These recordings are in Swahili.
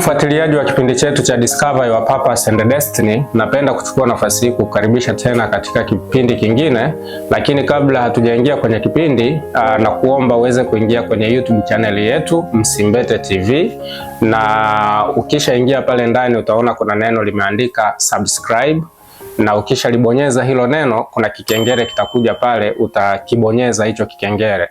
mfuatiliaji wa kipindi chetu cha Discover Your Purpose and Destiny, napenda kuchukua nafasi hii kukaribisha tena katika kipindi kingine, lakini kabla hatujaingia kwenye kipindi aa, ah, na kuomba uweze kuingia kwenye YouTube channel yetu Msimbete TV, na ukishaingia pale ndani utaona kuna neno limeandika subscribe na ukishalibonyeza hilo neno, kuna kikengele kitakuja pale, utakibonyeza hicho kikengele.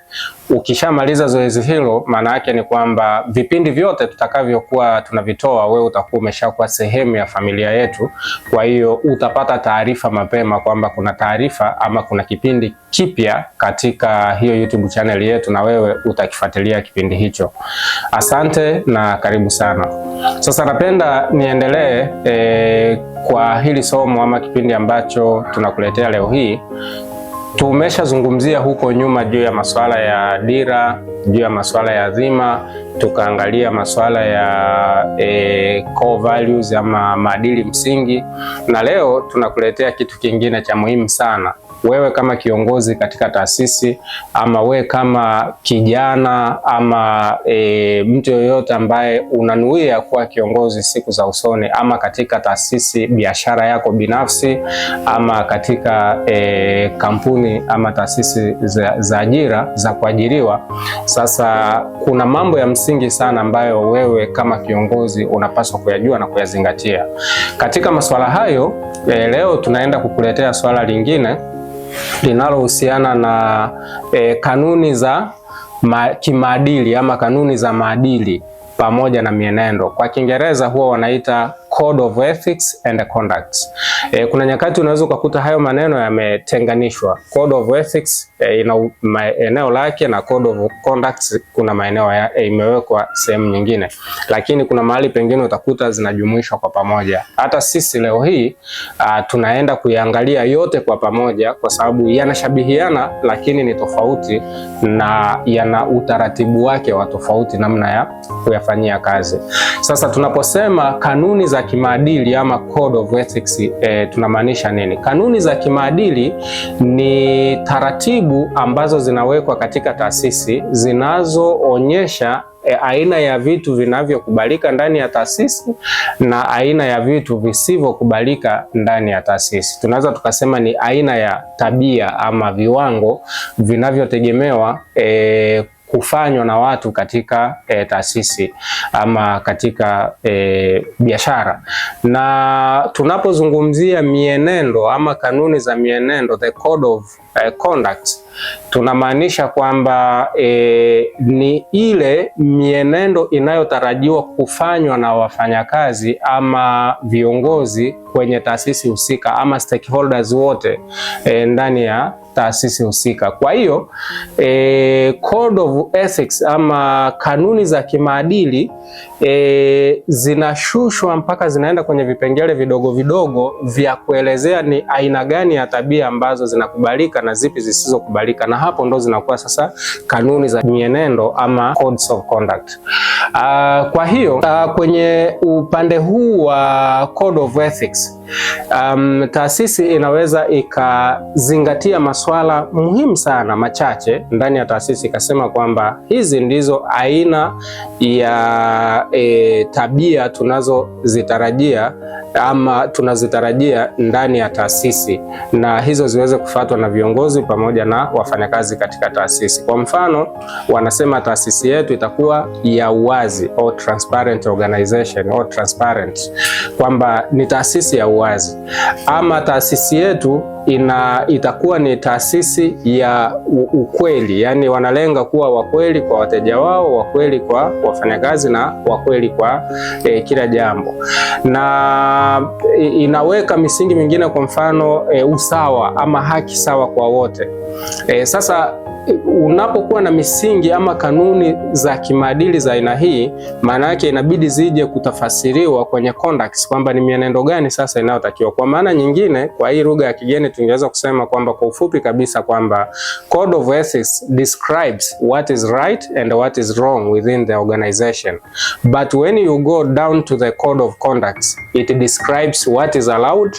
Ukishamaliza zoezi hilo, maana yake ni kwamba vipindi vyote tutakavyokuwa tunavitoa, wewe utakuwa umeshakuwa sehemu ya familia yetu. Kwa hiyo utapata taarifa mapema kwamba kuna taarifa ama kuna kipindi kipya katika hiyo YouTube channel yetu, na wewe utakifuatilia kipindi hicho. Asante na karibu sana. Sasa napenda niendelee eh, kwa hili somo ama kipindi ambacho tunakuletea leo hii, tumeshazungumzia huko nyuma juu ya masuala ya dira, juu ya masuala ya zima tukaangalia masuala ya e, core values ama maadili msingi, na leo tunakuletea kitu kingine cha muhimu sana wewe kama kiongozi katika taasisi ama wewe kama kijana ama e, mtu yoyote ambaye unanuia kuwa kiongozi siku za usoni ama katika taasisi biashara yako binafsi ama katika e, kampuni ama taasisi za, za ajira za kuajiriwa. Sasa kuna mambo ya msingi sana ambayo wewe kama kiongozi unapaswa kuyajua na kuyazingatia katika masuala hayo. E, leo tunaenda kukuletea swala lingine linalohusiana na e, kanuni za ma, kimaadili ama kanuni za maadili pamoja na mienendo. Kwa Kiingereza huwa wanaita Code of Ethics and Conduct. E, eh, kuna nyakati unaweza ukakuta hayo maneno yametenganishwa. Code of Ethics e, ina eneo lake na Code of Conduct kuna maeneo e, imewekwa sehemu nyingine, lakini kuna mahali pengine utakuta zinajumuishwa kwa pamoja. Hata sisi leo hii a, ah, tunaenda kuiangalia yote kwa pamoja kwa sababu yanashabihiana, lakini ni tofauti na yana utaratibu wake wa tofauti namna ya kuyafanyia kazi. Sasa tunaposema kanuni za kimaadili ama code of ethics e, tunamaanisha nini? Kanuni za kimaadili ni taratibu ambazo zinawekwa katika taasisi zinazoonyesha E, aina ya vitu vinavyokubalika ndani ya taasisi na aina ya vitu visivyokubalika ndani ya taasisi. Tunaweza tukasema ni aina ya tabia ama viwango vinavyotegemewa e, hufanywa na watu katika e, taasisi ama katika e, biashara. Na tunapozungumzia mienendo ama kanuni za mienendo, the code of uh, conduct tunamaanisha kwamba e, ni ile mienendo inayotarajiwa kufanywa na wafanyakazi ama viongozi kwenye taasisi husika ama stakeholders wote e, ndani ya taasisi husika. Kwa hiyo e, code of ethics ama kanuni za kimaadili e, zinashushwa mpaka zinaenda kwenye vipengele vidogo vidogo vya kuelezea ni aina gani ya tabia ambazo zinakubalika zinakubalika na zipi zisizokubalika, na hapo ndo zinakuwa sasa kanuni za mienendo ama codes of conduct. Uh, kwa hiyo uh, kwenye upande huu wa code of ethics um, taasisi inaweza ikazingatia masuala muhimu sana machache ndani ya taasisi ikasema kwamba hizi ndizo aina ya e, tabia tunazozitarajia ama tunazitarajia ndani ya taasisi na hizo ziweze kufuatwa na viongozi viongozi pamoja na wafanyakazi katika taasisi. Kwa mfano, wanasema taasisi yetu itakuwa ya uwazi au transparent organization au transparent, kwamba ni taasisi ya uwazi ama taasisi yetu ina itakuwa ni taasisi ya ukweli, yaani wanalenga kuwa wakweli kwa wateja wao, wakweli kwa wafanyakazi na wakweli kwa e, kila jambo, na inaweka misingi mingine, kwa mfano e, usawa ama haki sawa kwa wote E, sasa unapokuwa na misingi ama kanuni za kimaadili za aina hii, maana yake inabidi zije kutafasiriwa kwenye conducts, kwamba ni mienendo gani sasa inayotakiwa. Kwa maana nyingine, kwa hii lugha ya kigeni tungeweza kusema kwamba kwa ufupi kabisa kwamba code of ethics describes what is right and what is wrong within the organization but when you go down to the code of conduct it describes what is allowed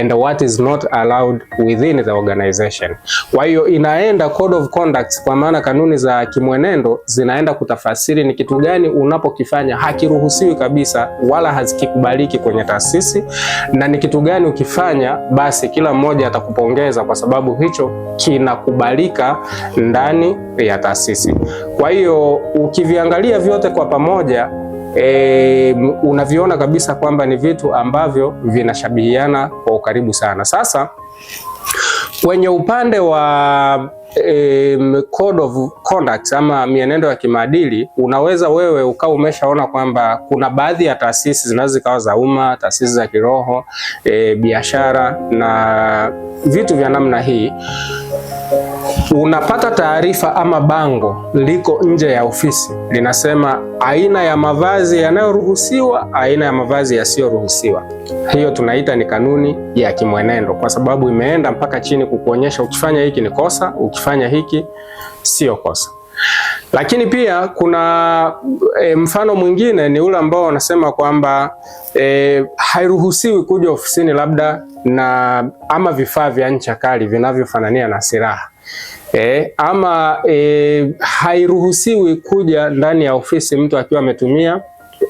and what is not allowed within the organization. Kwa hiyo inaenda code of conduct conduct, kwa maana kanuni za kimwenendo zinaenda kutafasiri ni kitu gani unapokifanya hakiruhusiwi kabisa wala hazikikubaliki kwenye taasisi, na ni kitu gani ukifanya basi kila mmoja atakupongeza kwa sababu hicho kinakubalika ndani ya taasisi. Kwa hiyo ukiviangalia vyote kwa pamoja E, unaviona kabisa kwamba ni vitu ambavyo vinashabihiana kwa ukaribu sana. Sasa kwenye upande wa um, code of conduct ama mienendo ya kimaadili, unaweza wewe ukawa umeshaona kwamba kuna baadhi ya taasisi zinaweza zikawa za umma, taasisi za kiroho, e, biashara na vitu vya namna hii unapata taarifa ama bango liko nje ya ofisi linasema aina ya mavazi yanayoruhusiwa, aina ya mavazi yasiyoruhusiwa. Hiyo tunaita ni kanuni ya kimwenendo, kwa sababu imeenda mpaka chini kukuonyesha ukifanya hiki ni kosa, ukifanya hiki sio kosa. Lakini pia kuna e, mfano mwingine ni ule ambao wanasema kwamba e, hairuhusiwi kuja ofisini labda na ama vifaa vya ncha kali vinavyofanania na silaha eh, ama eh, hairuhusiwi kuja ndani ya ofisi mtu akiwa ametumia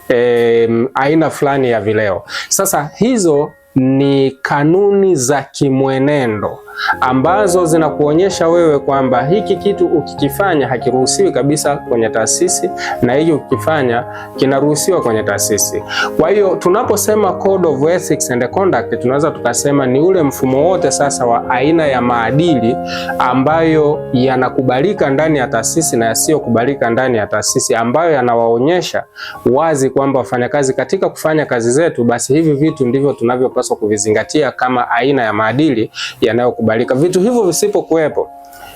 eh, aina fulani ya vileo. Sasa hizo ni kanuni za kimwenendo ambazo zinakuonyesha wewe kwamba hiki kitu ukikifanya hakiruhusiwi kabisa kwenye taasisi na hiki ukikifanya kinaruhusiwa kwenye taasisi. Kwa hiyo tunaposema Code of Ethics and Conduct, tunaweza tukasema ni ule mfumo wote sasa wa aina ya maadili ambayo yanakubalika ndani ya taasisi na yasiyokubalika ndani ya taasisi, ambayo yanawaonyesha wazi kwamba wafanyakazi, katika kufanya kazi zetu, basi hivi vitu ndivyo tunavyopaswa kuvizingatia kama aina ya maadili yanayo kukubalika. Vitu hivyo visipokuwepo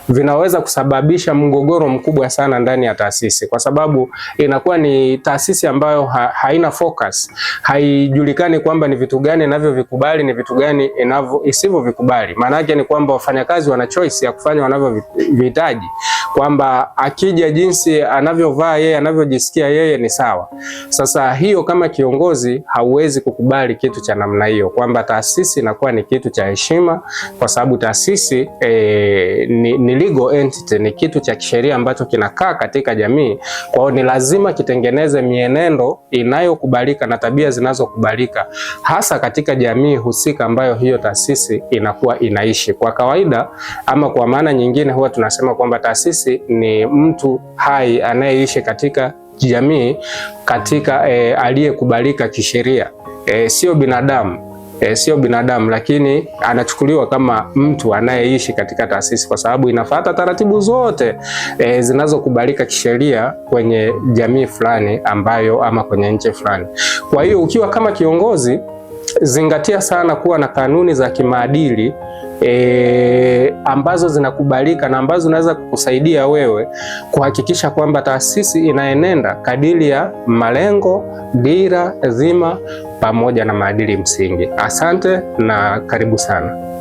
vinaweza kusababisha mgogoro mkubwa sana ndani ya taasisi, kwa sababu inakuwa ni taasisi ambayo ha, haina focus, haijulikani kwamba ni vitu gani inavyovikubali, ni vitu gani inavyo isivyovikubali. Maana yake ni kwamba wafanyakazi wana choice ya kufanya wanavyovihitaji kwamba akija jinsi anavyovaa yeye, anavyojisikia yeye ni sawa. Sasa hiyo kama kiongozi hauwezi kukubali kitu cha namna hiyo, kwamba taasisi inakuwa ni kitu cha heshima, kwa sababu taasisi e, ni, ni legal entity, ni kitu cha kisheria ambacho kinakaa katika jamii. Kwa hiyo ni lazima kitengeneze mienendo inayokubalika na tabia zinazokubalika hasa katika jamii husika ambayo hiyo taasisi inakuwa inaishi. Kwa kawaida ama kwa maana nyingine, huwa tunasema kwamba taasisi sisi ni mtu hai anayeishi katika jamii katika e, aliyekubalika kisheria e, sio binadamu e, sio binadamu, lakini anachukuliwa kama mtu anayeishi katika taasisi kwa sababu inafata taratibu zote e, zinazokubalika kisheria kwenye jamii fulani ambayo ama kwenye nchi fulani. Kwa hiyo ukiwa kama kiongozi zingatia sana kuwa na kanuni za kimaadili e, ambazo zinakubalika na ambazo zinaweza kukusaidia wewe kuhakikisha kwamba taasisi inaenenda kadiri ya malengo, dira, dhima pamoja na maadili msingi. Asante na karibu sana.